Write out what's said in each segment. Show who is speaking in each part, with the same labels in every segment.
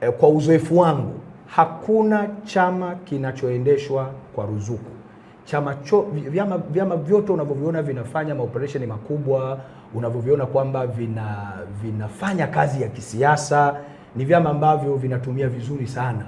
Speaker 1: eh, kwa uzoefu wangu hakuna chama kinachoendeshwa kwa ruzuku. Chama cho, vyama, vyama vyote unavyoviona vinafanya maoperesheni makubwa, unavyoviona kwamba vina vinafanya kazi ya kisiasa, ni vyama ambavyo vinatumia vizuri sana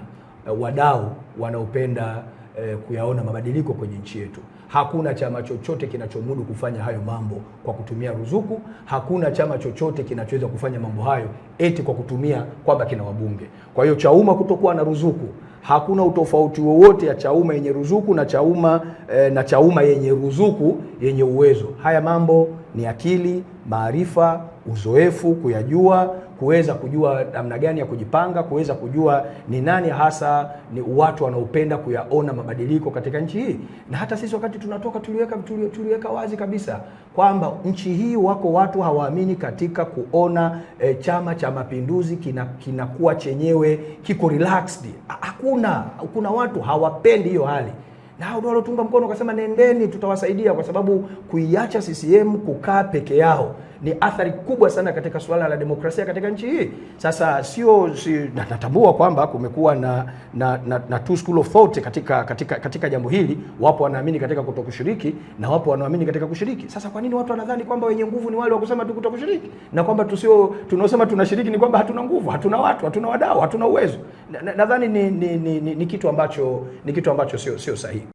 Speaker 1: eh, wadau wanaopenda eh, kuyaona mabadiliko kwenye nchi yetu. Hakuna chama chochote kinachomudu kufanya hayo mambo kwa kutumia ruzuku. Hakuna chama chochote kinachoweza kufanya mambo hayo eti kwa kutumia kwamba kina wabunge. Kwa hiyo Chauma kutokuwa na ruzuku hakuna utofauti wowote ya chauma yenye ruzuku na chauma eh, na chauma yenye ruzuku yenye uwezo. Haya mambo ni akili, maarifa, uzoefu, kuyajua, kuweza kujua namna gani ya kujipanga, kuweza kujua ni nani hasa ni watu wanaopenda kuyaona mabadiliko katika nchi hii. Na hata sisi wakati tunatoka tuliweka, tuliweka wazi kabisa kwamba nchi hii wako watu hawaamini katika kuona eh, Chama cha Mapinduzi kinakuwa kina chenyewe kiko relaxed. Ah, hakuna, kuna watu hawapendi hiyo hali na ndio walotunga mkono wakasema, nendeni, tutawasaidia, kwa sababu kuiacha CCM kukaa peke yao ni athari kubwa sana katika suala la demokrasia katika nchi hii. Sasa sio si, natambua kwamba kumekuwa na na, na, na two school of thought katika, katika, katika jambo hili. Wapo wanaamini katika kutokushiriki na wapo wanaamini katika kushiriki. Sasa kwa nini watu wanadhani kwamba wenye nguvu ni wale wa kusema tu kutokushiriki na kwamba tusio tunaosema tunashiriki ni kwamba hatuna nguvu, hatuna watu, hatuna wadau, hatuna uwezo? Nadhani na, na ni, ni, ni, ni, ni kitu ambacho ni kitu ambacho sio sio sahihi.